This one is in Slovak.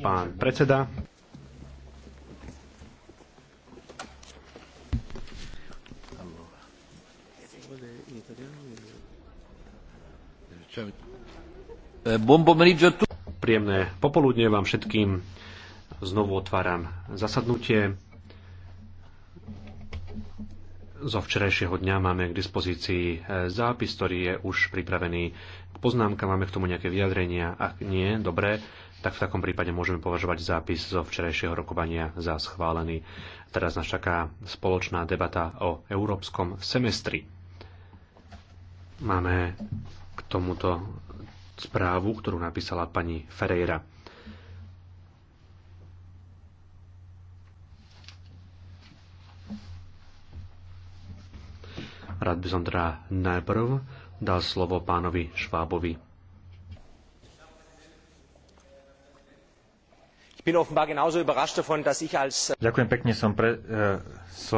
pán predseda. Príjemné popoludne vám všetkým. Znovu otváram zasadnutie zo včerajšieho dňa máme k dispozícii e, zápis, ktorý je už pripravený k poznámkam. Máme k tomu nejaké vyjadrenia? Ak nie, dobre, tak v takom prípade môžeme považovať zápis zo včerajšieho rokovania za schválený. Teraz nás čaká spoločná debata o európskom semestri. Máme k tomuto správu, ktorú napísala pani Ferreira. Rád by som teda najprv dal slovo pánovi Švábovi. Ďakujem pekne, som, pre, eh, som